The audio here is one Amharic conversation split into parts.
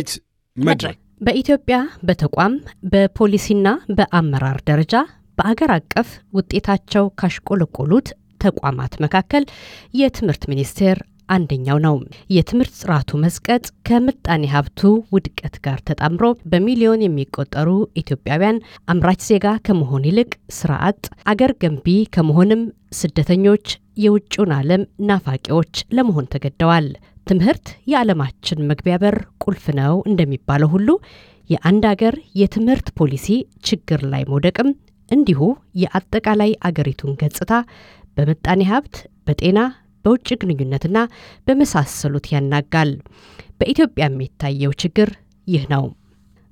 ውይይት መድረክ በኢትዮጵያ በተቋም በፖሊሲና በአመራር ደረጃ በአገር አቀፍ ውጤታቸው ካሽቆለቆሉት ተቋማት መካከል የትምህርት ሚኒስቴር አንደኛው ነው። የትምህርት ጥራቱ መዝቀጥ ከምጣኔ ሀብቱ ውድቀት ጋር ተጣምሮ በሚሊዮን የሚቆጠሩ ኢትዮጵያውያን አምራች ዜጋ ከመሆን ይልቅ ስራ አጥ፣ አገር ገንቢ ከመሆንም ስደተኞች፣ የውጭውን ዓለም ናፋቂዎች ለመሆን ተገደዋል። ትምህርት የዓለማችን መግቢያ በር ቁልፍ ነው እንደሚባለው ሁሉ የአንድ አገር የትምህርት ፖሊሲ ችግር ላይ መውደቅም እንዲሁ የአጠቃላይ አገሪቱን ገጽታ በምጣኔ ሀብት፣ በጤና፣ በውጭ ግንኙነትና በመሳሰሉት ያናጋል። በኢትዮጵያ የሚታየው ችግር ይህ ነው።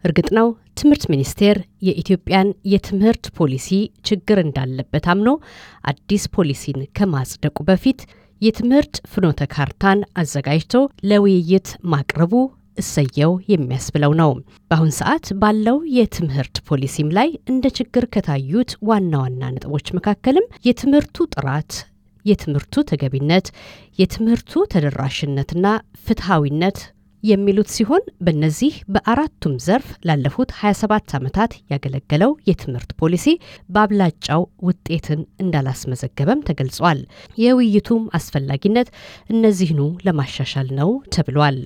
እርግጥ ነው ትምህርት ሚኒስቴር የኢትዮጵያን የትምህርት ፖሊሲ ችግር እንዳለበት አምኖ አዲስ ፖሊሲን ከማጽደቁ በፊት የትምህርት ፍኖተ ካርታን አዘጋጅቶ ለውይይት ማቅረቡ እሰየው የሚያስብለው ነው። በአሁን ሰዓት ባለው የትምህርት ፖሊሲም ላይ እንደ ችግር ከታዩት ዋና ዋና ነጥቦች መካከልም የትምህርቱ ጥራት፣ የትምህርቱ ተገቢነት፣ የትምህርቱ ተደራሽነትና ፍትሐዊነት የሚሉት ሲሆን በእነዚህ በአራቱም ዘርፍ ላለፉት 27 ዓመታት ያገለገለው የትምህርት ፖሊሲ በአብላጫው ውጤትን እንዳላስመዘገበም ተገልጿል። የውይይቱም አስፈላጊነት እነዚህኑ ለማሻሻል ነው ተብሏል።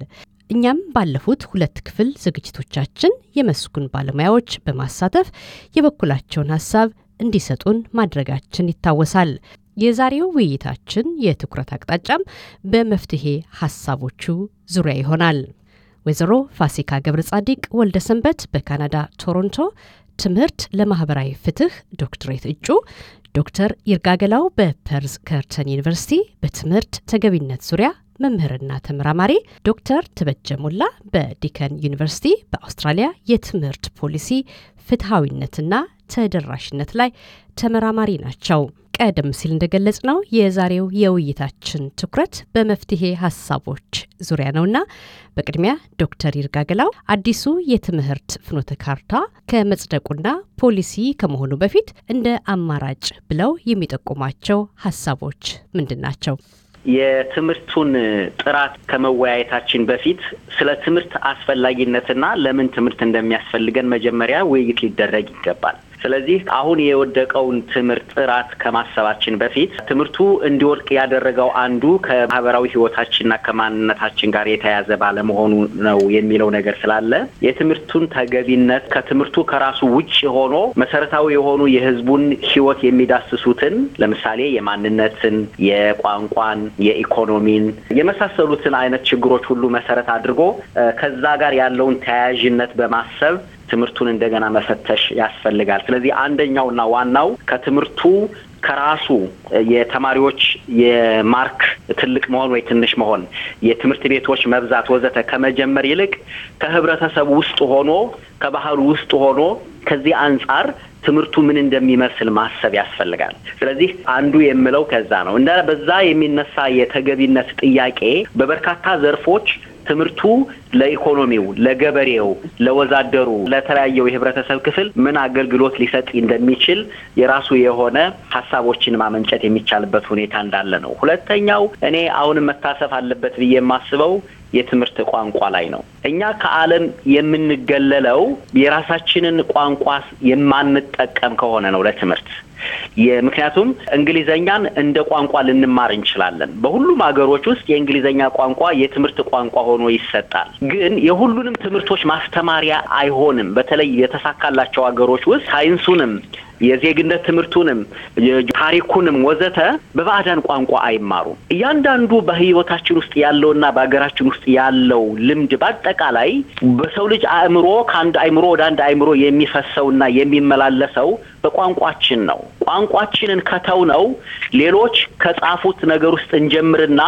እኛም ባለፉት ሁለት ክፍል ዝግጅቶቻችን የመስኩን ባለሙያዎች በማሳተፍ የበኩላቸውን ሀሳብ እንዲሰጡን ማድረጋችን ይታወሳል። የዛሬው ውይይታችን የትኩረት አቅጣጫም በመፍትሄ ሀሳቦቹ ዙሪያ ይሆናል። ወይዘሮ ፋሲካ ገብረ ጻዲቅ ወልደ ሰንበት በካናዳ ቶሮንቶ ትምህርት ለማህበራዊ ፍትህ ዶክትሬት እጩ፣ ዶክተር ይርጋገላው በፐርዝ ከርተን ዩኒቨርሲቲ በትምህርት ተገቢነት ዙሪያ መምህርና ተመራማሪ፣ ዶክተር ትበጀ ሞላ በዲከን ዩኒቨርሲቲ በአውስትራሊያ የትምህርት ፖሊሲ ፍትሐዊነትና ተደራሽነት ላይ ተመራማሪ ናቸው። ቀደም ሲል እንደገለጽ ነው የዛሬው የውይይታችን ትኩረት በመፍትሄ ሀሳቦች ዙሪያ ነውና በቅድሚያ ዶክተር ይርጋገላው አዲሱ የትምህርት ፍኖተ ካርታ ከመጽደቁና ፖሊሲ ከመሆኑ በፊት እንደ አማራጭ ብለው የሚጠቁሟቸው ሀሳቦች ምንድን ናቸው? የትምህርቱን ጥራት ከመወያየታችን በፊት ስለ ትምህርት አስፈላጊነትና ለምን ትምህርት እንደሚያስፈልገን መጀመሪያ ውይይት ሊደረግ ይገባል። ስለዚህ አሁን የወደቀውን ትምህርት ጥራት ከማሰባችን በፊት ትምህርቱ እንዲወድቅ ያደረገው አንዱ ከማህበራዊ ህይወታችንና ከማንነታችን ጋር የተያያዘ ባለመሆኑ ነው የሚለው ነገር ስላለ የትምህርቱን ተገቢነት ከትምህርቱ ከራሱ ውጭ ሆኖ መሰረታዊ የሆኑ የህዝቡን ህይወት የሚዳስሱትን ለምሳሌ የማንነትን፣ የቋንቋን፣ የኢኮኖሚን የመሳሰሉትን አይነት ችግሮች ሁሉ መሰረት አድርጎ ከዛ ጋር ያለውን ተያያዥነት በማሰብ ትምህርቱን እንደገና መፈተሽ ያስፈልጋል። ስለዚህ አንደኛውና ዋናው ከትምህርቱ ከራሱ የተማሪዎች የማርክ ትልቅ መሆን ወይ ትንሽ መሆን፣ የትምህርት ቤቶች መብዛት ወዘተ ከመጀመር ይልቅ ከህብረተሰቡ ውስጥ ሆኖ ከባህሉ ውስጥ ሆኖ ከዚህ አንጻር ትምህርቱ ምን እንደሚመስል ማሰብ ያስፈልጋል። ስለዚህ አንዱ የምለው ከዛ ነው እንደ በዛ የሚነሳ የተገቢነት ጥያቄ በበርካታ ዘርፎች ትምህርቱ ለኢኮኖሚው፣ ለገበሬው፣ ለወዛደሩ፣ ለተለያየው የህብረተሰብ ክፍል ምን አገልግሎት ሊሰጥ እንደሚችል የራሱ የሆነ ሀሳቦችን ማመንጨት የሚቻልበት ሁኔታ እንዳለ ነው። ሁለተኛው እኔ አሁንም መታሰብ አለበት ብዬ የማስበው የትምህርት ቋንቋ ላይ ነው። እኛ ከዓለም የምንገለለው የራሳችንን ቋንቋ የማንጠቀም ከሆነ ነው ለትምህርት። ምክንያቱም እንግሊዘኛን እንደ ቋንቋ ልንማር እንችላለን። በሁሉም ሀገሮች ውስጥ የእንግሊዘኛ ቋንቋ የትምህርት ቋንቋ ሆኖ ይሰጣል፣ ግን የሁሉንም ትምህርቶች ማስተማሪያ አይሆንም። በተለይ የተሳካላቸው ሀገሮች ውስጥ ሳይንሱንም የዜግነት ትምህርቱንም ታሪኩንም ወዘተ በባዕዳን ቋንቋ አይማሩም። እያንዳንዱ በህይወታችን ውስጥ ያለውና በሀገራችን ውስጥ ያለው ልምድ በአጠቃላይ በሰው ልጅ አእምሮ ከአንድ አእምሮ ወደ አንድ አእምሮ የሚፈሰውና የሚመላለሰው በቋንቋችን ነው። ቋንቋችንን ከተው ነው ሌሎች ከጻፉት ነገር ውስጥ እንጀምርና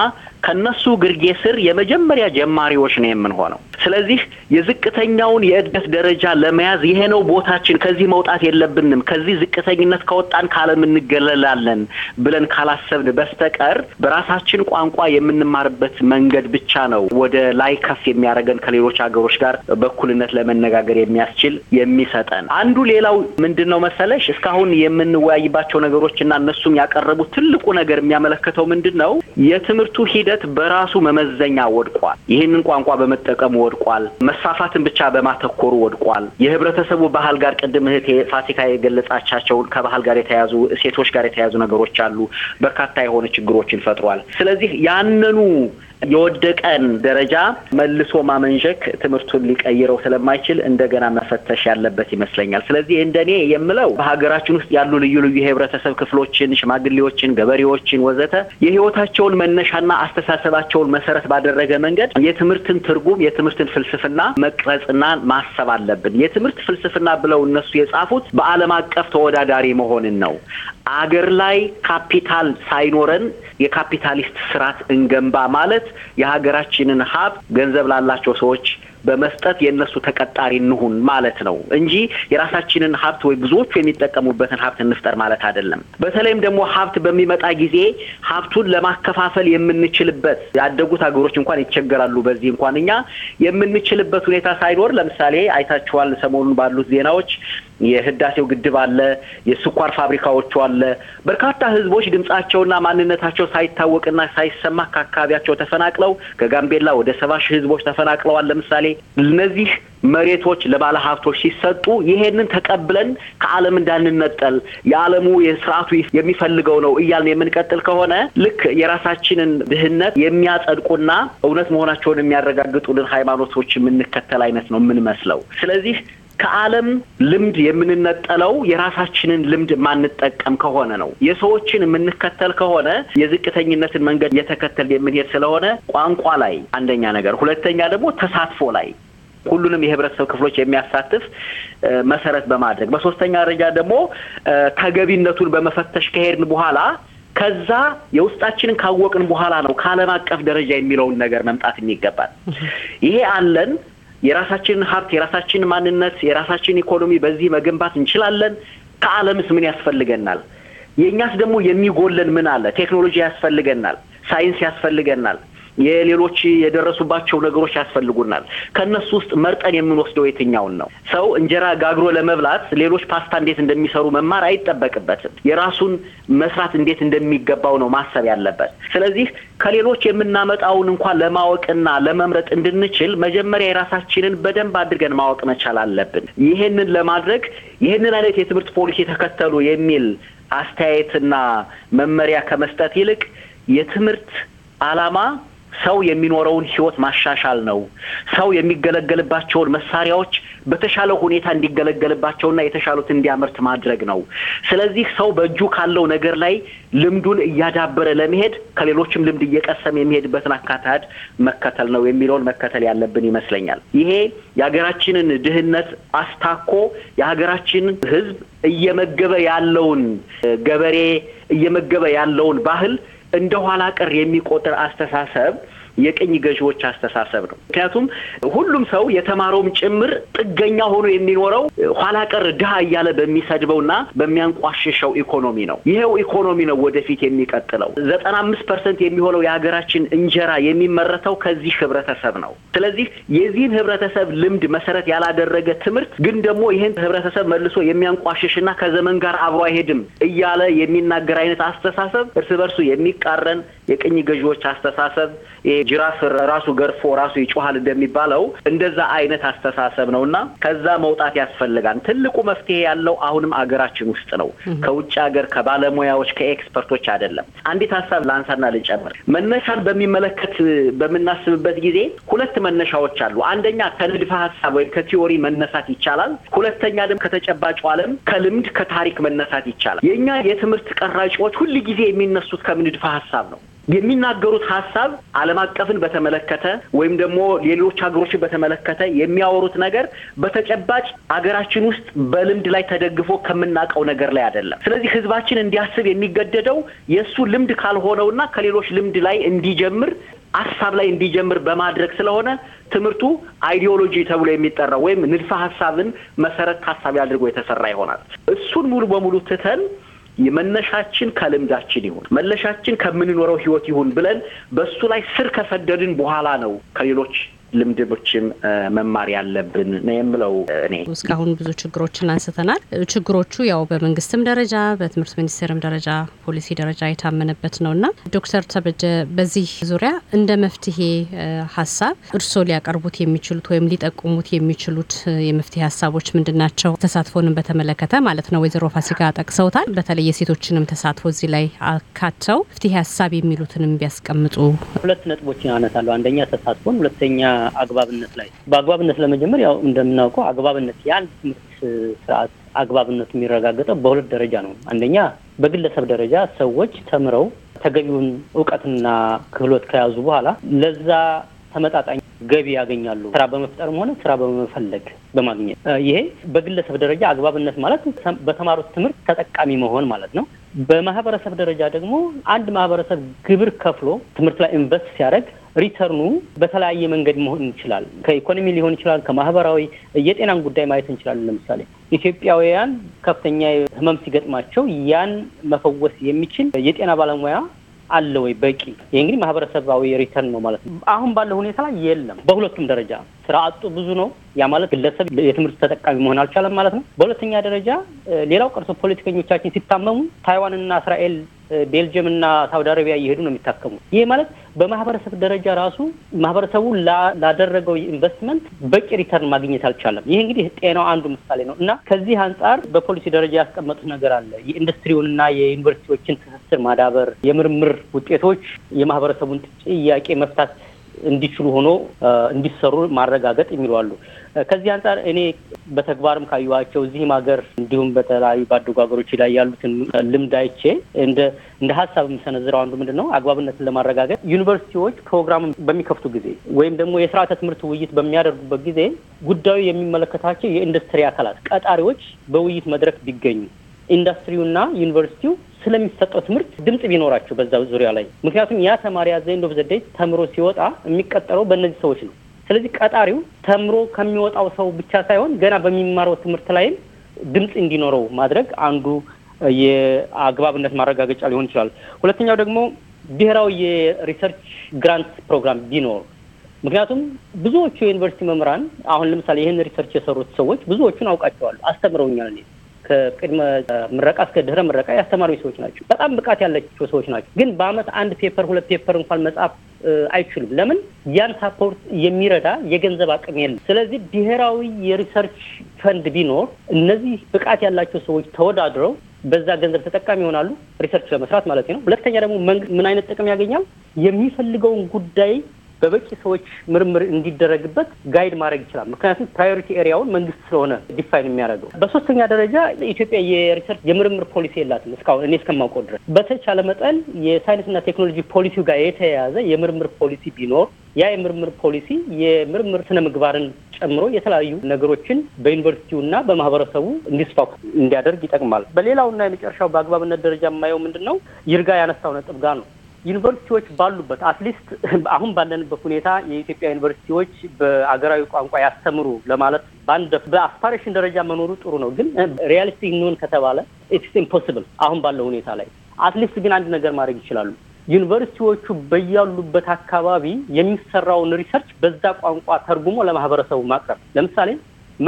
ከነሱ ግርጌ ስር የመጀመሪያ ጀማሪዎች ነው የምንሆነው። ስለዚህ የዝቅተኛውን የእድገት ደረጃ ለመያዝ ይሄ ነው ቦታችን፣ ከዚህ መውጣት የለብንም፣ ከዚህ ዝቅተኝነት ከወጣን ካለም እንገለላለን ብለን ካላሰብን በስተቀር በራሳችን ቋንቋ የምንማርበት መንገድ ብቻ ነው ወደ ላይ ከፍ የሚያደርገን ከሌሎች ሀገሮች ጋር በእኩልነት ለመነጋገር የሚያስችል የሚሰጠን። አንዱ ሌላው ምንድን ነው መሰለሽ እስካሁን የምንወያ የሚታይባቸው ነገሮች እና እነሱም ያቀረቡት ትልቁ ነገር የሚያመለክተው ምንድን ነው? የትምህርቱ ሂደት በራሱ መመዘኛ ወድቋል። ይህንን ቋንቋ በመጠቀሙ ወድቋል። መሳፋትን ብቻ በማተኮሩ ወድቋል። የህብረተሰቡ ባህል ጋር ቅድም እህቴ ፋሲካ የገለጻቻቸውን ከባህል ጋር የተያዙ ሴቶች ጋር የተያዙ ነገሮች አሉ። በርካታ የሆነ ችግሮችን ፈጥሯል። ስለዚህ ያንኑ የወደቀን ደረጃ መልሶ ማመንዠክ ትምህርቱን ሊቀይረው ስለማይችል እንደገና መፈተሽ ያለበት ይመስለኛል። ስለዚህ እንደኔ የምለው በሀገራችን ውስጥ ያሉ ልዩ ልዩ የህብረተሰብ ክፍሎችን፣ ሽማግሌዎችን፣ ገበሬዎችን ወዘተ የህይወታቸውን መነሻና አስተሳሰባቸውን መሰረት ባደረገ መንገድ የትምህርትን ትርጉም የትምህርትን ፍልስፍና መቅረጽና ማሰብ አለብን። የትምህርት ፍልስፍና ብለው እነሱ የጻፉት በዓለም አቀፍ ተወዳዳሪ መሆንን ነው። አገር ላይ ካፒታል ሳይኖረን የካፒታሊስት ስርዓት እንገንባ ማለት የሀገራችንን ሀብት ገንዘብ ላላቸው ሰዎች በመስጠት የእነሱ ተቀጣሪ እንሁን ማለት ነው እንጂ የራሳችንን ሀብት ወይ ብዙዎቹ የሚጠቀሙበትን ሀብት እንፍጠር ማለት አይደለም። በተለይም ደግሞ ሀብት በሚመጣ ጊዜ ሀብቱን ለማከፋፈል የምንችልበት ያደጉት ሀገሮች እንኳን ይቸገራሉ። በዚህ እንኳን እኛ የምንችልበት ሁኔታ ሳይኖር ለምሳሌ አይታችኋል፣ ሰሞኑን ባሉት ዜናዎች የህዳሴው ግድብ አለ፣ የስኳር ፋብሪካዎቹ አለ። በርካታ ህዝቦች ድምጻቸውና ማንነታቸው ሳይታወቅና ሳይሰማ ከአካባቢያቸው ተፈናቅለው ከጋምቤላ ወደ ሰባ ሺህ ህዝቦች ተፈናቅለዋል ለምሳሌ እነዚህ መሬቶች ለባለ ሀብቶች ሲሰጡ ይሄንን ተቀብለን ከዓለም እንዳንነጠል የዓለሙ የስርዓቱ የሚፈልገው ነው እያልን የምንቀጥል ከሆነ ልክ የራሳችንን ድህነት የሚያጸድቁና እውነት መሆናቸውን የሚያረጋግጡልን ሃይማኖቶች የምንከተል አይነት ነው የምንመስለው። ስለዚህ ከዓለም ልምድ የምንነጠለው የራሳችንን ልምድ ማንጠቀም ከሆነ ነው። የሰዎችን የምንከተል ከሆነ የዝቅተኝነትን መንገድ እየተከተል የምንሄድ ስለሆነ ቋንቋ ላይ አንደኛ ነገር፣ ሁለተኛ ደግሞ ተሳትፎ ላይ ሁሉንም የህብረተሰብ ክፍሎች የሚያሳትፍ መሰረት በማድረግ በሶስተኛ ደረጃ ደግሞ ተገቢነቱን በመፈተሽ ከሄድን በኋላ ከዛ የውስጣችንን ካወቅን በኋላ ነው ከዓለም አቀፍ ደረጃ የሚለውን ነገር መምጣት የሚገባል። ይሄ አለን የራሳችንን ሀብት፣ የራሳችንን ማንነት፣ የራሳችንን ኢኮኖሚ በዚህ መገንባት እንችላለን። ከዓለምስ ምን ያስፈልገናል? የእኛስ ደግሞ የሚጎለን ምን አለ? ቴክኖሎጂ ያስፈልገናል፣ ሳይንስ ያስፈልገናል፣ የሌሎች የደረሱባቸው ነገሮች ያስፈልጉናል። ከእነሱ ውስጥ መርጠን የምንወስደው የትኛውን ነው? ሰው እንጀራ ጋግሮ ለመብላት ሌሎች ፓስታ እንዴት እንደሚሰሩ መማር አይጠበቅበትም። የራሱን መስራት እንዴት እንደሚገባው ነው ማሰብ ያለበት። ስለዚህ ከሌሎች የምናመጣውን እንኳን ለማወቅና ለመምረጥ እንድንችል መጀመሪያ የራሳችንን በደንብ አድርገን ማወቅ መቻል አለብን። ይህንን ለማድረግ ይህንን አይነት የትምህርት ፖሊሲ ተከተሉ የሚል አስተያየትና መመሪያ ከመስጠት ይልቅ የትምህርት ዓላማ ሰው የሚኖረውን ህይወት ማሻሻል ነው። ሰው የሚገለገልባቸውን መሳሪያዎች በተሻለ ሁኔታ እንዲገለገልባቸውና የተሻሉት እንዲያመርት ማድረግ ነው። ስለዚህ ሰው በእጁ ካለው ነገር ላይ ልምዱን እያዳበረ ለመሄድ ከሌሎችም ልምድ እየቀሰም የሚሄድበትን አካታድ መከተል ነው የሚለውን መከተል ያለብን ይመስለኛል። ይሄ የሀገራችንን ድህነት አስታኮ የሀገራችንን ህዝብ እየመገበ ያለውን ገበሬ እየመገበ ያለውን ባህል እንደ ኋላ ቀር የሚቆጥር አስተሳሰብ የቅኝ ገዢዎች አስተሳሰብ ነው። ምክንያቱም ሁሉም ሰው የተማረውም ጭምር ጥገኛ ሆኖ የሚኖረው ኋላ ቀር ድሃ እያለ በሚሰድበውና በሚያንቋሽሸው ኢኮኖሚ ነው። ይሄው ኢኮኖሚ ነው ወደፊት የሚቀጥለው። ዘጠና አምስት ፐርሰንት የሚሆነው የሀገራችን እንጀራ የሚመረተው ከዚህ ህብረተሰብ ነው። ስለዚህ የዚህን ህብረተሰብ ልምድ መሰረት ያላደረገ ትምህርት ግን ደግሞ ይህን ህብረተሰብ መልሶ የሚያንቋሽሽና ከዘመን ጋር አብሮ አይሄድም እያለ የሚናገር አይነት አስተሳሰብ እርስ በርሱ የሚቃረን የቅኝ ገዢዎች አስተሳሰብ የጅራፍ ራሱ ገርፎ ራሱ ይጮሃል እንደሚባለው እንደዛ አይነት አስተሳሰብ ነው እና ከዛ መውጣት ያስፈልጋል። ትልቁ መፍትሄ ያለው አሁንም አገራችን ውስጥ ነው፣ ከውጭ ሀገር ከባለሙያዎች ከኤክስፐርቶች አይደለም። አንዲት ሀሳብ ላንሳና ልጨምር። መነሻን በሚመለከት በምናስብበት ጊዜ ሁለት መነሻዎች አሉ። አንደኛ ከንድፈ ሀሳብ ወይም ከቲዮሪ መነሳት ይቻላል። ሁለተኛ ደግሞ ከተጨባጩ ዓለም ከልምድ ከታሪክ መነሳት ይቻላል። የእኛ የትምህርት ቀራጮች ሁል ጊዜ የሚነሱት ከንድፈ ሀሳብ ነው። የሚናገሩት ሀሳብ ዓለም አቀፍን በተመለከተ ወይም ደግሞ ሌሎች ሀገሮችን በተመለከተ የሚያወሩት ነገር በተጨባጭ አገራችን ውስጥ በልምድ ላይ ተደግፎ ከምናውቀው ነገር ላይ አይደለም። ስለዚህ ህዝባችን እንዲያስብ የሚገደደው የእሱ ልምድ ካልሆነውና ከሌሎች ልምድ ላይ እንዲጀምር ሀሳብ ላይ እንዲጀምር በማድረግ ስለሆነ ትምህርቱ አይዲዮሎጂ ተብሎ የሚጠራው ወይም ንድፈ ሀሳብን መሰረት ታሳቢ አድርጎ የተሰራ ይሆናል። እሱን ሙሉ በሙሉ ትተን የመነሻችን ከልምዳችን ይሁን መነሻችን ከምንኖረው ህይወት ይሁን ብለን በሱ ላይ ስር ከሰደድን በኋላ ነው ከሌሎች ልምድቦችም መማር ያለብን ነው የምለው። እኔ እስካሁን ብዙ ችግሮችን አንስተናል። ችግሮቹ ያው በመንግስትም ደረጃ በትምህርት ሚኒስቴርም ደረጃ ፖሊሲ ደረጃ የታመነበት ነውና ዶክተር ተበጀ በዚህ ዙሪያ እንደ መፍትሄ ሀሳብ እርስዎ ሊያቀርቡት የሚችሉት ወይም ሊጠቁሙት የሚችሉት የመፍትሄ ሀሳቦች ምንድን ናቸው? ተሳትፎንም በተመለከተ ማለት ነው። ወይዘሮ ፋሲካ ጠቅሰውታል። በተለይ የሴቶችንም ተሳትፎ እዚህ ላይ አካተው መፍትሄ ሀሳብ የሚሉትንም ቢያስቀምጡ። ሁለት ነጥቦችን አነሳለሁ። አንደኛ ተሳትፎን፣ ሁለተኛ አግባብነት ላይ በአግባብነት ለመጀመር ያው እንደምናውቀው አግባብነት የአንድ ትምህርት ስርዓት አግባብነት የሚረጋገጠው በሁለት ደረጃ ነው። አንደኛ በግለሰብ ደረጃ ሰዎች ተምረው ተገቢውን እውቀትና ክህሎት ከያዙ በኋላ ለዛ ተመጣጣኝ ገቢ ያገኛሉ። ስራ በመፍጠርም ሆነ ስራ በመፈለግ በማግኘት ይሄ በግለሰብ ደረጃ አግባብነት ማለት በተማሩት ትምህርት ተጠቃሚ መሆን ማለት ነው። በማህበረሰብ ደረጃ ደግሞ አንድ ማህበረሰብ ግብር ከፍሎ ትምህርት ላይ ኢንቨስት ሲያደርግ ሪተርኑ በተለያየ መንገድ መሆን ይችላል። ከኢኮኖሚ ሊሆን ይችላል፣ ከማህበራዊ የጤናን ጉዳይ ማየት እንችላለን። ለምሳሌ ኢትዮጵያውያን ከፍተኛ ህመም ሲገጥማቸው ያን መፈወስ የሚችል የጤና ባለሙያ አለ ወይ በቂ? ይህ እንግዲህ ማህበረሰባዊ ሪተርን ነው ማለት ነው። አሁን ባለው ሁኔታ ላይ የለም። በሁለቱም ደረጃ ስራ አጡ ብዙ ነው። ያ ማለት ግለሰብ የትምህርት ተጠቃሚ መሆን አልቻለም ማለት ነው። በሁለተኛ ደረጃ ሌላው ቀርቶ ፖለቲከኞቻችን ሲታመሙ ታይዋንና እስራኤል ቤልጅየም እና ሳውዲ አረቢያ እየሄዱ ነው የሚታከሙት። ይህ ማለት በማህበረሰብ ደረጃ ራሱ ማህበረሰቡ ላደረገው ኢንቨስትመንት በቂ ሪተርን ማግኘት አልቻለም። ይህ እንግዲህ ጤናው አንዱ ምሳሌ ነው እና ከዚህ አንጻር በፖሊሲ ደረጃ ያስቀመጡት ነገር አለ። የኢንዱስትሪውንና የዩኒቨርሲቲዎችን ትስስር ማዳበር፣ የምርምር ውጤቶች የማህበረሰቡን ጥያቄ መፍታት እንዲችሉ ሆኖ እንዲሰሩ ማረጋገጥ የሚሉ አሉ። ከዚህ አንጻር እኔ በተግባርም ካዩዋቸው እዚህም ሀገር እንዲሁም በተለያዩ ባደጉ ሀገሮች ላይ ያሉትን ልምድ አይቼ እንደ እንደ ሀሳብ የምሰነዝረው አንዱ ምንድን ነው አግባብነትን ለማረጋገጥ ዩኒቨርሲቲዎች ፕሮግራም በሚከፍቱ ጊዜ ወይም ደግሞ የስርዓተ ትምህርት ውይይት በሚያደርጉበት ጊዜ ጉዳዩ የሚመለከታቸው የኢንዱስትሪ አካላት ቀጣሪዎች በውይይት መድረክ ቢገኙ ኢንዱስትሪውና ዩኒቨርሲቲው ስለሚሰጠው ትምህርት ድምጽ ቢኖራቸው በዛ ዙሪያ ላይ ምክንያቱም ያ ተማሪ ያዘ ኢንዶፍ ተምሮ ሲወጣ የሚቀጠረው በእነዚህ ሰዎች ነው። ስለዚህ ቀጣሪው ተምሮ ከሚወጣው ሰው ብቻ ሳይሆን ገና በሚማረው ትምህርት ላይም ድምፅ እንዲኖረው ማድረግ አንዱ የአግባብነት ማረጋገጫ ሊሆን ይችላል። ሁለተኛው ደግሞ ብሔራዊ የሪሰርች ግራንት ፕሮግራም ቢኖር ምክንያቱም ብዙዎቹ የዩኒቨርሲቲ መምህራን አሁን ለምሳሌ ይህን ሪሰርች የሰሩት ሰዎች ብዙዎቹን አውቃቸዋለሁ፣ አስተምረውኛል። ከቅድመ ምረቃ እስከ ድህረ ምረቃ ያስተማሩኝ ሰዎች ናቸው። በጣም ብቃት ያላቸው ሰዎች ናቸው። ግን በአመት አንድ ፔፐር ሁለት ፔፐር እንኳን መጽሐፍ አይችሉም። ለምን? ያን ሳፖርት የሚረዳ የገንዘብ አቅም የለም። ስለዚህ ብሔራዊ የሪሰርች ፈንድ ቢኖር እነዚህ ብቃት ያላቸው ሰዎች ተወዳድረው በዛ ገንዘብ ተጠቃሚ ይሆናሉ፣ ሪሰርች ለመስራት ማለት ነው። ሁለተኛ ደግሞ መንግስት ምን አይነት ጥቅም ያገኛል? የሚፈልገውን ጉዳይ በበቂ ሰዎች ምርምር እንዲደረግበት ጋይድ ማድረግ ይችላል። ምክንያቱም ፕራዮሪቲ ኤሪያውን መንግስት ስለሆነ ዲፋይን የሚያደርገው። በሶስተኛ ደረጃ ኢትዮጵያ የሪሰርች የምርምር ፖሊሲ የላትም እስካሁን እኔ እስከማውቀው ድረስ። በተቻለ መጠን የሳይንስና ቴክኖሎጂ ፖሊሲው ጋር የተያያዘ የምርምር ፖሊሲ ቢኖር ያ የምርምር ፖሊሲ የምርምር ስነ ምግባርን ጨምሮ የተለያዩ ነገሮችን በዩኒቨርሲቲውና በማህበረሰቡ እንዲስፋፉ እንዲያደርግ ይጠቅማል። በሌላውና የመጨረሻው በአግባብነት ደረጃ የማየው ምንድን ነው ይርጋ ያነሳው ነጥብ ጋር ነው። ዩኒቨርሲቲዎች ባሉበት አትሊስት አሁን ባለንበት ሁኔታ የኢትዮጵያ ዩኒቨርሲቲዎች በአገራዊ ቋንቋ ያስተምሩ ለማለት በአንድ በአስፓሬሽን ደረጃ መኖሩ ጥሩ ነው፣ ግን ሪያሊስቲ እንሆን ከተባለ ኢትስ ኢምፖስብል አሁን ባለው ሁኔታ ላይ። አትሊስት ግን አንድ ነገር ማድረግ ይችላሉ። ዩኒቨርሲቲዎቹ በያሉበት አካባቢ የሚሰራውን ሪሰርች በዛ ቋንቋ ተርጉሞ ለማህበረሰቡ ማቅረብ ለምሳሌ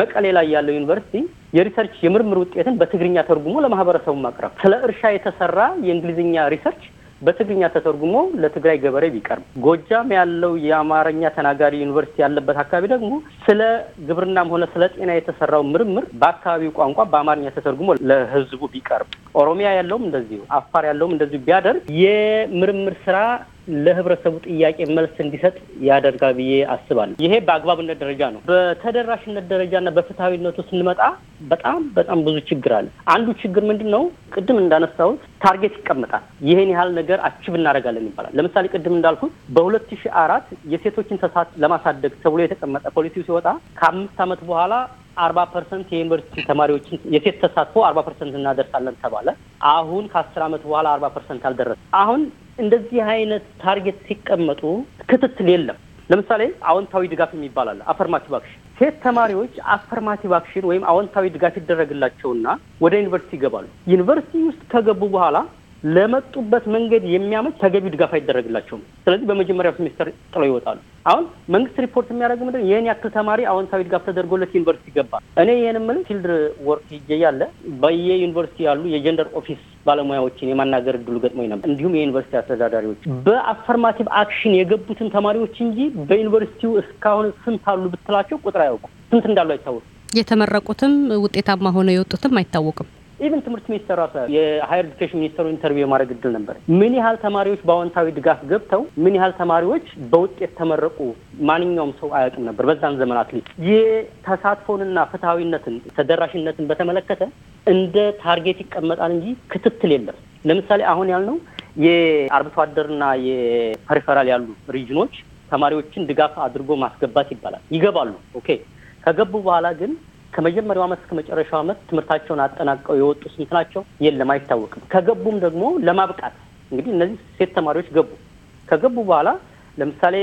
መቀሌ ላይ ያለው ዩኒቨርሲቲ የሪሰርች የምርምር ውጤትን በትግርኛ ተርጉሞ ለማህበረሰቡ ማቅረብ፣ ስለ እርሻ የተሰራ የእንግሊዝኛ ሪሰርች በትግርኛ ተተርጉሞ ለትግራይ ገበሬ ቢቀርብ፣ ጎጃም ያለው የአማርኛ ተናጋሪ ዩኒቨርሲቲ ያለበት አካባቢ ደግሞ ስለ ግብርናም ሆነ ስለ ጤና የተሰራው ምርምር በአካባቢው ቋንቋ በአማርኛ ተተርጉሞ ለህዝቡ ቢቀርብ፣ ኦሮሚያ ያለውም እንደዚሁ፣ አፋር ያለውም እንደዚሁ ቢያደርግ የምርምር ስራ ለህብረተሰቡ ጥያቄ መልስ እንዲሰጥ ያደርጋል ብዬ አስባለሁ። ይሄ በአግባብነት ደረጃ ነው። በተደራሽነት ደረጃና በፍትሐዊነቱ ስንመጣ በጣም በጣም ብዙ ችግር አለ። አንዱ ችግር ምንድን ነው? ቅድም እንዳነሳሁት ታርጌት ይቀመጣል። ይህን ያህል ነገር አችብ እናደርጋለን ይባላል። ለምሳሌ ቅድም እንዳልኩት በሁለት ሺህ አራት የሴቶችን ተሳት ለማሳደግ ተብሎ የተቀመጠ ፖሊሲ ሲወጣ ከአምስት ዓመት በኋላ አርባ ፐርሰንት የዩኒቨርሲቲ ተማሪዎችን የሴት ተሳትፎ አርባ ፐርሰንት እናደርሳለን ተባለ። አሁን ከአስር ዓመት በኋላ አርባ ፐርሰንት አልደረሰ። አሁን እንደዚህ አይነት ታርጌት ሲቀመጡ ክትትል የለም። ለምሳሌ አዎንታዊ ድጋፍ የሚባል አለ፣ አፈርማቲቭ አክሽን። ሴት ተማሪዎች አፈርማቲቭ አክሽን ወይም አዎንታዊ ድጋፍ ይደረግላቸውና ወደ ዩኒቨርሲቲ ይገባሉ። ዩኒቨርሲቲ ውስጥ ከገቡ በኋላ ለመጡበት መንገድ የሚያመች ተገቢው ድጋፍ አይደረግላቸውም። ስለዚህ በመጀመሪያው ሴሜስተር ጥለው ይወጣሉ። አሁን መንግስት ሪፖርት የሚያደርግ ምንድን ነው ይህን ያክል ተማሪ አዎንታዊ ድጋፍ ተደርጎለት ዩኒቨርሲቲ ገባ። እኔ ይህን ምል ፊልድ ወርክ ይዤ ያለ በየዩኒቨርሲቲ ያሉ የጀንደር ኦፊስ ባለሙያዎችን የማናገር እድሉ ገጥሞኝ ነበር። እንዲሁም የዩኒቨርሲቲ አስተዳዳሪዎች በአፈርማቲቭ አክሽን የገቡትን ተማሪዎች እንጂ በዩኒቨርሲቲው እስካሁን ስንት አሉ ብትላቸው ቁጥር አያውቁ፣ ስንት እንዳሉ አይታወቅም። የተመረቁትም ውጤታማ ሆነው የወጡትም አይታወቅም። ኢቨን ትምህርት ሚኒስተር ራሱ የሀየር ኤዱኬሽን ሚኒስተሩ ኢንተርቪው የማድረግ እድል ነበር። ምን ያህል ተማሪዎች በአዎንታዊ ድጋፍ ገብተው ምን ያህል ተማሪዎች በውጤት ተመረቁ ማንኛውም ሰው አያውቅም ነበር በዛን ዘመን አትሊስት። ይህ ተሳትፎንና ፍትሐዊነትን ተደራሽነትን በተመለከተ እንደ ታርጌት ይቀመጣል እንጂ ክትትል የለም። ለምሳሌ አሁን ያልነው የአርብቶ አደርና የፐሪፈራል ያሉ ሪጅኖች ተማሪዎችን ድጋፍ አድርጎ ማስገባት ይባላል። ይገባሉ ኦኬ። ከገቡ በኋላ ግን ከመጀመሪያው አመት እስከ መጨረሻው ዓመት ትምህርታቸውን አጠናቀው የወጡ ስንት ናቸው? የለም አይታወቅም። ከገቡም ደግሞ ለማብቃት እንግዲህ እነዚህ ሴት ተማሪዎች ገቡ። ከገቡ በኋላ ለምሳሌ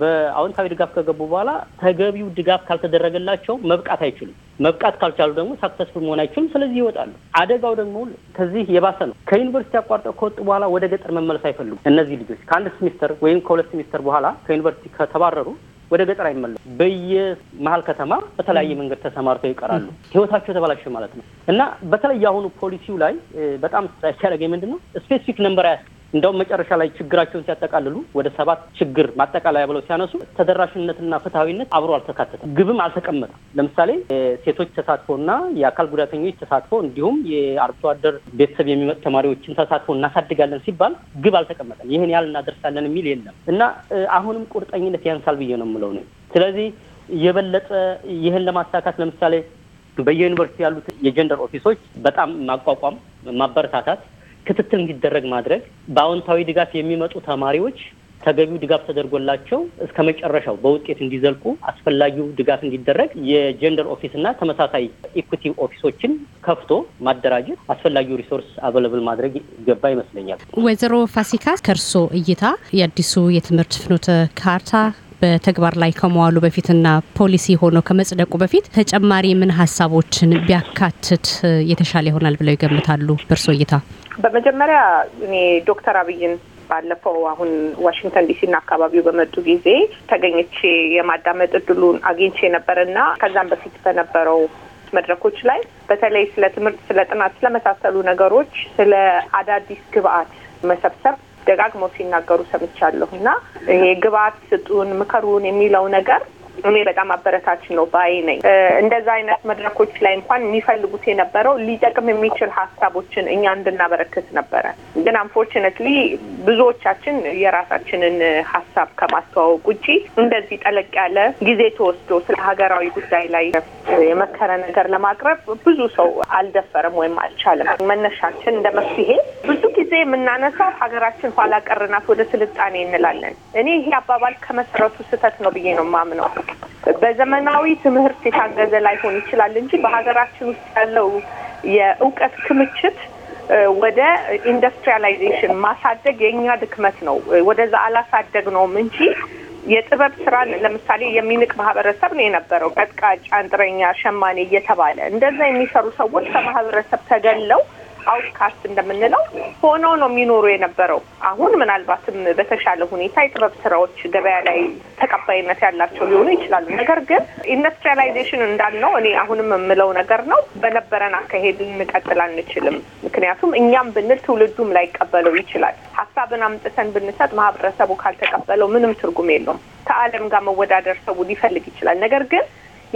በአዎንታዊ ድጋፍ ከገቡ በኋላ ተገቢው ድጋፍ ካልተደረገላቸው መብቃት አይችሉም። መብቃት ካልቻሉ ደግሞ ሳክሰስፉል መሆን አይችሉም። ስለዚህ ይወጣሉ። አደጋው ደግሞ ከዚህ የባሰ ነው። ከዩኒቨርሲቲ አቋርጠው ከወጡ በኋላ ወደ ገጠር መመለስ አይፈልጉም። እነዚህ ልጆች ከአንድ ሴሚስተር ወይም ከሁለት ሴሚስተር በኋላ ከዩኒቨርሲቲ ከተባረሩ ወደ ገጠር አይመለሱ። በየመሀል ከተማ በተለያየ መንገድ ተሰማርተው ይቀራሉ። ህይወታቸው ተበላሸ ማለት ነው እና በተለይ የአሁኑ ፖሊሲው ላይ በጣም ሲያደረገ ምንድን ነው ስፔሲፊክ ነንበር አያስ እንደውም መጨረሻ ላይ ችግራቸውን ሲያጠቃልሉ ወደ ሰባት ችግር ማጠቃለያ ብለው ሲያነሱ ተደራሽነትና ፍትሐዊነት አብሮ አልተካተተም፣ ግብም አልተቀመጠም። ለምሳሌ የሴቶች ተሳትፎና የአካል ጉዳተኞች ተሳትፎ እንዲሁም የአርሶ አደር ቤተሰብ የሚመጡ ተማሪዎችን ተሳትፎ እናሳድጋለን ሲባል ግብ አልተቀመጠም። ይህን ያህል እናደርሳለን የሚል የለም እና አሁንም ቁርጠኝነት ያንሳል ብዬ ነው የምለው ነው። ስለዚህ የበለጠ ይህን ለማሳካት ለምሳሌ በየዩኒቨርሲቲ ያሉት የጀንደር ኦፊሶች በጣም ማቋቋም ማበረታታት ክትትል እንዲደረግ ማድረግ በአዎንታዊ ድጋፍ የሚመጡ ተማሪዎች ተገቢው ድጋፍ ተደርጎላቸው እስከ መጨረሻው በውጤት እንዲዘልቁ አስፈላጊው ድጋፍ እንዲደረግ የጀንደር ኦፊስ እና ተመሳሳይ ኢኩቲ ኦፊሶችን ከፍቶ ማደራጀት አስፈላጊው ሪሶርስ አቬለብል ማድረግ ይገባ ይመስለኛል። ወይዘሮ ፋሲካ ከእርሶ እይታ የአዲሱ የትምህርት ፍኖተ ካርታ በተግባር ላይ ከመዋሉ በፊትና ፖሊሲ ሆኖ ከመጽደቁ በፊት ተጨማሪ ምን ሀሳቦችን ቢያካትት የተሻለ ይሆናል ብለው ይገምታሉ በእርሶ እይታ? በመጀመሪያ እኔ ዶክተር አብይን ባለፈው አሁን ዋሽንግተን ዲሲና አካባቢው በመጡ ጊዜ ተገኝቼ የማዳመጥ እድሉን አግኝቼ ነበር እና ከዛም በፊት በነበረው መድረኮች ላይ በተለይ ስለ ትምህርት፣ ስለ ጥናት፣ ስለመሳሰሉ ነገሮች ስለ አዳዲስ ግብአት መሰብሰብ ደጋግመው ሲናገሩ ሰምቻለሁ እና ይሄ ግብአት ስጡን፣ ምከሩን የሚለው ነገር እኔ በጣም አበረታች ነው ባይ ነኝ። እንደዛ አይነት መድረኮች ላይ እንኳን የሚፈልጉት የነበረው ሊጠቅም የሚችል ሀሳቦችን እኛ እንድናበረክት ነበረ። ግን አንፎርችነትሊ ብዙዎቻችን የራሳችንን ሀሳብ ከማስተዋወቅ ውጪ እንደዚህ ጠለቅ ያለ ጊዜ ተወስዶ ስለ ሀገራዊ ጉዳይ ላይ የመከረ ነገር ለማቅረብ ብዙ ሰው አልደፈረም ወይም አልቻለም። መነሻችን እንደ መፍትሄ ብዙ ጊዜ የምናነሳው ሀገራችን ኋላ ቀርናት ወደ ስልጣኔ እንላለን። እኔ ይሄ አባባል ከመሰረቱ ስህተት ነው ብዬ ነው የማምነው። በዘመናዊ ትምህርት የታገዘ ላይሆን ይችላል እንጂ በሀገራችን ውስጥ ያለው የእውቀት ክምችት ወደ ኢንዱስትሪያላይዜሽን ማሳደግ የእኛ ድክመት ነው። ወደዛ አላሳደግ ነውም እንጂ የጥበብ ስራን ለምሳሌ የሚንቅ ማህበረሰብ ነው የነበረው። ቀጥቃጭ፣ አንጥረኛ፣ ሸማኔ እየተባለ እንደዛ የሚሰሩ ሰዎች ከማህበረሰብ ተገለው አውትካስት እንደምንለው ሆነው ነው የሚኖሩ የነበረው። አሁን ምናልባትም በተሻለ ሁኔታ የጥበብ ስራዎች ገበያ ላይ ተቀባይነት ያላቸው ሊሆኑ ይችላሉ። ነገር ግን ኢንዱስትሪያላይዜሽን እንዳልነው እኔ አሁንም የምለው ነገር ነው፣ በነበረን አካሄድ ልንቀጥል አንችልም። ምክንያቱም እኛም ብንል ትውልዱም ላይቀበለው ይችላል። ሀሳብን አምጥተን ብንሰጥ ማህበረሰቡ ካልተቀበለው ምንም ትርጉም የለውም። ከዓለም ጋር መወዳደር ሰው ሊፈልግ ይችላል። ነገር ግን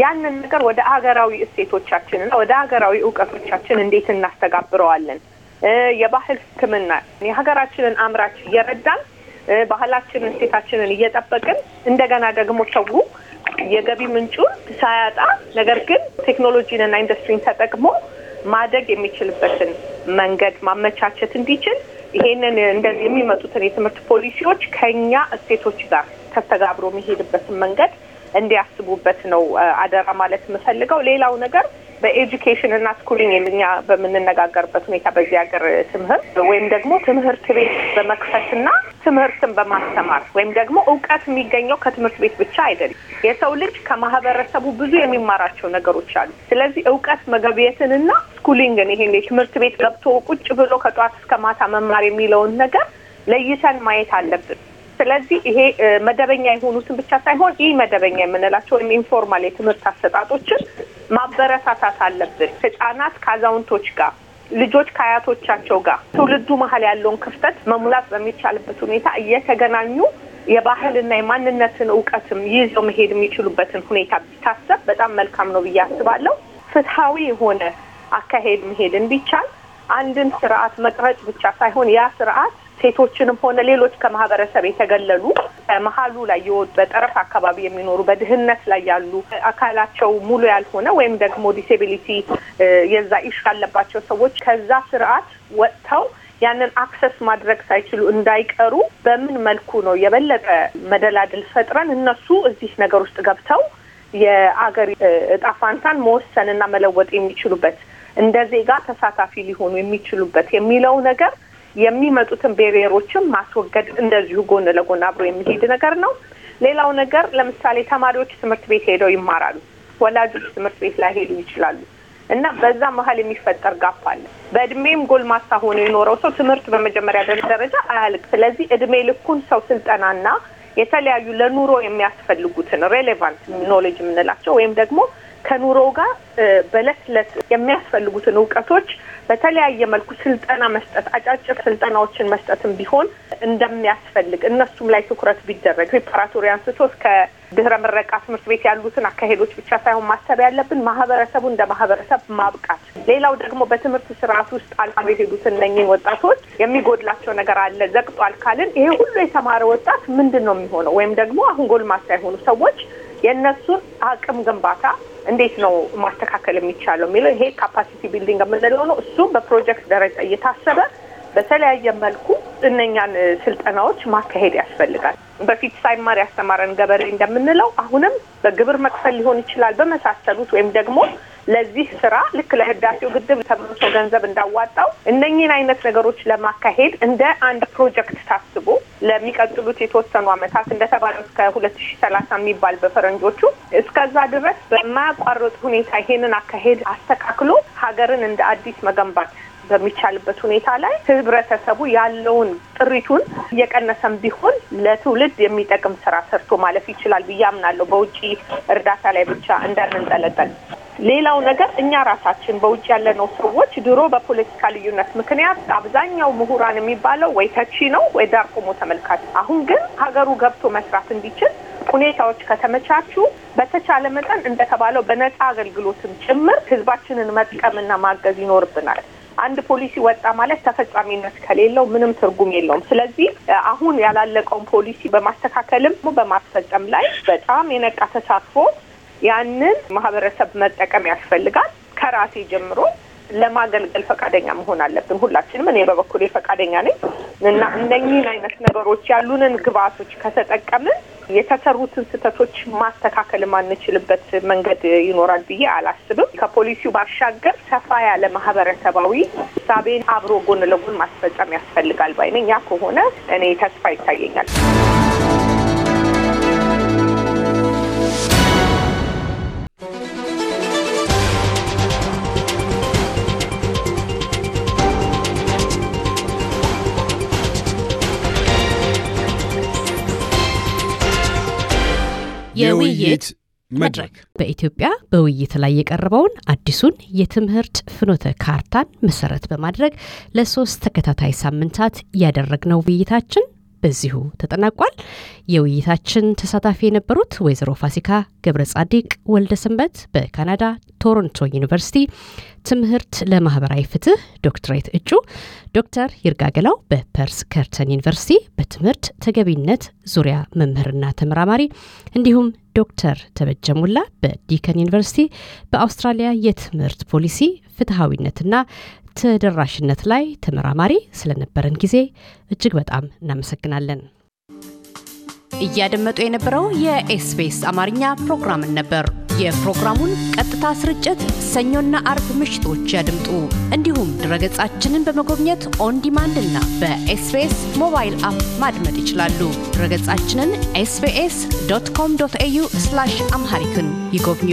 ያንን ነገር ወደ ሀገራዊ እሴቶቻችንና ወደ ሀገራዊ እውቀቶቻችን እንዴት እናስተጋብረዋለን? የባህል ሕክምና የሀገራችንን አምራች እየረዳን ባህላችንን እሴታችንን እየጠበቅን እንደገና ደግሞ ሰው የገቢ ምንጩን ሳያጣ ነገር ግን ቴክኖሎጂንና ኢንዱስትሪን ተጠቅሞ ማደግ የሚችልበትን መንገድ ማመቻቸት እንዲችል ይሄንን እንደዚህ የሚመጡትን የትምህርት ፖሊሲዎች ከኛ እሴቶች ጋር ተስተጋብሮ የሚሄድበትን መንገድ እንዲያስቡበት ነው አደራ ማለት የምፈልገው። ሌላው ነገር በኤጁኬሽን እና ስኩሊንግ የኛ በምንነጋገርበት ሁኔታ በዚህ ሀገር ትምህርት ወይም ደግሞ ትምህርት ቤት በመክፈትና ትምህርትን በማስተማር ወይም ደግሞ እውቀት የሚገኘው ከትምህርት ቤት ብቻ አይደለም። የሰው ልጅ ከማህበረሰቡ ብዙ የሚማራቸው ነገሮች አሉ። ስለዚህ እውቀት መገብየትንና ስኩሊንግን ይሄን የትምህርት ቤት ገብቶ ቁጭ ብሎ ከጠዋት እስከ ማታ መማር የሚለውን ነገር ለይተን ማየት አለብን። ስለዚህ ይሄ መደበኛ የሆኑትን ብቻ ሳይሆን ይህ መደበኛ የምንላቸው ወይም ኢንፎርማል የትምህርት አሰጣጦችን ማበረታታት አለብን። ህጻናት ከአዛውንቶች ጋር ልጆች ከአያቶቻቸው ጋር ትውልዱ መሀል ያለውን ክፍተት መሙላት በሚቻልበት ሁኔታ እየተገናኙ የባህልና የማንነትን እውቀትም ይዘው መሄድ የሚችሉበትን ሁኔታ ቢታሰብ በጣም መልካም ነው ብዬ አስባለሁ። ፍትሐዊ የሆነ አካሄድ መሄድ እንዲቻል አንድን ስርዓት መቅረጭ ብቻ ሳይሆን ያ ስርዓት ሴቶችንም ሆነ ሌሎች ከማህበረሰብ የተገለሉ መሀሉ ላይ የወጡ በጠረፍ አካባቢ የሚኖሩ በድህነት ላይ ያሉ አካላቸው ሙሉ ያልሆነ ወይም ደግሞ ዲሴቢሊቲ የዛ ኢሹ ያለባቸው ሰዎች ከዛ ስርዓት ወጥተው ያንን አክሰስ ማድረግ ሳይችሉ እንዳይቀሩ በምን መልኩ ነው የበለጠ መደላድል ፈጥረን እነሱ እዚህ ነገር ውስጥ ገብተው የአገር እጣ ፋንታን እና መለወጥ የሚችሉበት እንደ ዜጋ ተሳታፊ ሊሆኑ የሚችሉበት የሚለው ነገር የሚመጡትን ቤሪየሮችን ማስወገድ እንደዚሁ ጎን ለጎን አብሮ የሚሄድ ነገር ነው። ሌላው ነገር ለምሳሌ ተማሪዎች ትምህርት ቤት ሄደው ይማራሉ። ወላጆች ትምህርት ቤት ላይ ሄዱ ይችላሉ እና በዛ መሀል የሚፈጠር ጋፕ አለ። በእድሜም ጎልማሳ ሆኖ የኖረው ሰው ትምህርት በመጀመሪያ ደረጃ አያልቅ። ስለዚህ እድሜ ልኩን ሰው ስልጠናና የተለያዩ ለኑሮ የሚያስፈልጉትን ሬሌቫንት ኖሌጅ የምንላቸው ወይም ደግሞ ከኑሮ ጋር በለት ለት የሚያስፈልጉትን እውቀቶች በተለያየ መልኩ ስልጠና መስጠት አጫጭር ስልጠናዎችን መስጠትም ቢሆን እንደሚያስፈልግ እነሱም ላይ ትኩረት ቢደረግ ፕሪፓራቶሪ አንስቶ እስከ ድህረ ምረቃ ትምህርት ቤት ያሉትን አካሄዶች ብቻ ሳይሆን ማሰብ ያለብን ማህበረሰቡ እንደ ማህበረሰብ ማብቃት። ሌላው ደግሞ በትምህርት ስርዓት ውስጥ አልፈው የሄዱት እነኝን ወጣቶች የሚጎድላቸው ነገር አለ። ዘግጧል ካልን ይሄ ሁሉ የተማረ ወጣት ምንድን ነው የሚሆነው? ወይም ደግሞ አሁን ጎልማሳ የሆኑ ሰዎች የእነሱን አቅም ግንባታ እንዴት ነው ማስተካከል የሚቻለው የሚለው ይሄ ካፓሲቲ ቢልዲንግ የምንለው ነው። እሱ በፕሮጀክት ደረጃ እየታሰበ በተለያየ መልኩ እነኛን ስልጠናዎች ማካሄድ ያስፈልጋል። በፊት ሳይማር ያስተማረን ገበሬ እንደምንለው አሁንም በግብር መክፈል ሊሆን ይችላል በመሳሰሉት ወይም ደግሞ ለዚህ ስራ ልክ ለህዳሴው ግድብ ተመልሶ ገንዘብ እንዳዋጣው እነኝን አይነት ነገሮች ለማካሄድ እንደ አንድ ፕሮጀክት ታስቦ ለሚቀጥሉት የተወሰኑ አመታት እንደተባለ እስከ ሁለት ሺ ሰላሳ የሚባል በፈረንጆቹ እስከዛ ድረስ በማያቋርጥ ሁኔታ ይሄንን አካሄድ አስተካክሎ ሀገርን እንደ አዲስ መገንባት በሚቻልበት ሁኔታ ላይ ህብረተሰቡ ያለውን ጥሪቱን እየቀነሰም ቢሆን ለትውልድ የሚጠቅም ስራ ሰርቶ ማለፍ ይችላል ብዬ አምናለሁ። በውጭ እርዳታ ላይ ብቻ እንዳንንጠለጠል ሌላው ነገር እኛ ራሳችን በውጭ ያለነው ሰዎች ድሮ በፖለቲካ ልዩነት ምክንያት አብዛኛው ምሁራን የሚባለው ወይ ተቺ ነው ወይ ዳር ቆሞ ተመልካች። አሁን ግን ሀገሩ ገብቶ መስራት እንዲችል ሁኔታዎች ከተመቻቹ በተቻለ መጠን እንደተባለው በነፃ አገልግሎትም ጭምር ህዝባችንን መጥቀምና ማገዝ ይኖርብናል። አንድ ፖሊሲ ወጣ ማለት ተፈጻሚነት ከሌለው ምንም ትርጉም የለውም። ስለዚህ አሁን ያላለቀውን ፖሊሲ በማስተካከልም በማስፈጸም ላይ በጣም የነቃ ተሳትፎ ያንን ማህበረሰብ መጠቀም ያስፈልጋል። ከራሴ ጀምሮ ለማገልገል ፈቃደኛ መሆን አለብን ሁላችንም። እኔ በበኩሌ ፈቃደኛ ነኝ እና እነኚህን አይነት ነገሮች ያሉንን ግብአቶች ከተጠቀምን የተሰሩትን ስህተቶች ማስተካከል የማንችልበት መንገድ ይኖራል ብዬ አላስብም። ከፖሊሲው ባሻገር ሰፋ ያለ ማህበረሰባዊ ሳቤን አብሮ ጎን ለጎን ማስፈጸም ያስፈልጋል ባይነኝ። ያ ከሆነ እኔ ተስፋ ይታየኛል። ውይይት መድረክ በኢትዮጵያ በውይይት ላይ የቀረበውን አዲሱን የትምህርት ፍኖተ ካርታን መሰረት በማድረግ ለሶስት ተከታታይ ሳምንታት ያደረግነው ውይይታችን በዚሁ ተጠናቋል። የውይይታችን ተሳታፊ የነበሩት ወይዘሮ ፋሲካ ገብረ ጻዲቅ ወልደ ሰንበት በካናዳ ቶሮንቶ ዩኒቨርሲቲ ትምህርት ለማህበራዊ ፍትህ ዶክትሬት እጩ፣ ዶክተር ይርጋገላው በፐርስ ከርተን ዩኒቨርሲቲ በትምህርት ተገቢነት ዙሪያ መምህርና ተመራማሪ እንዲሁም ዶክተር ተበጀሙላ በዲከን ዩኒቨርሲቲ በአውስትራሊያ የትምህርት ፖሊሲ ፍትሐዊነትና ተደራሽነት ላይ ተመራማሪ ስለነበረን ጊዜ እጅግ በጣም እናመሰግናለን። እያደመጡ የነበረው የኤስቢኤስ አማርኛ ፕሮግራምን ነበር። የፕሮግራሙን ቀጥታ ስርጭት ሰኞና አርብ ምሽቶች ያድምጡ። እንዲሁም ድረገጻችንን በመጎብኘት ኦን ዲማንድ እና በኤስቢኤስ ሞባይል አፕ ማድመጥ ይችላሉ። ድረገጻችንን ኤስቢኤስ ዶት ኮም ዶት ኤዩ አምሃሪክን ይጎብኙ።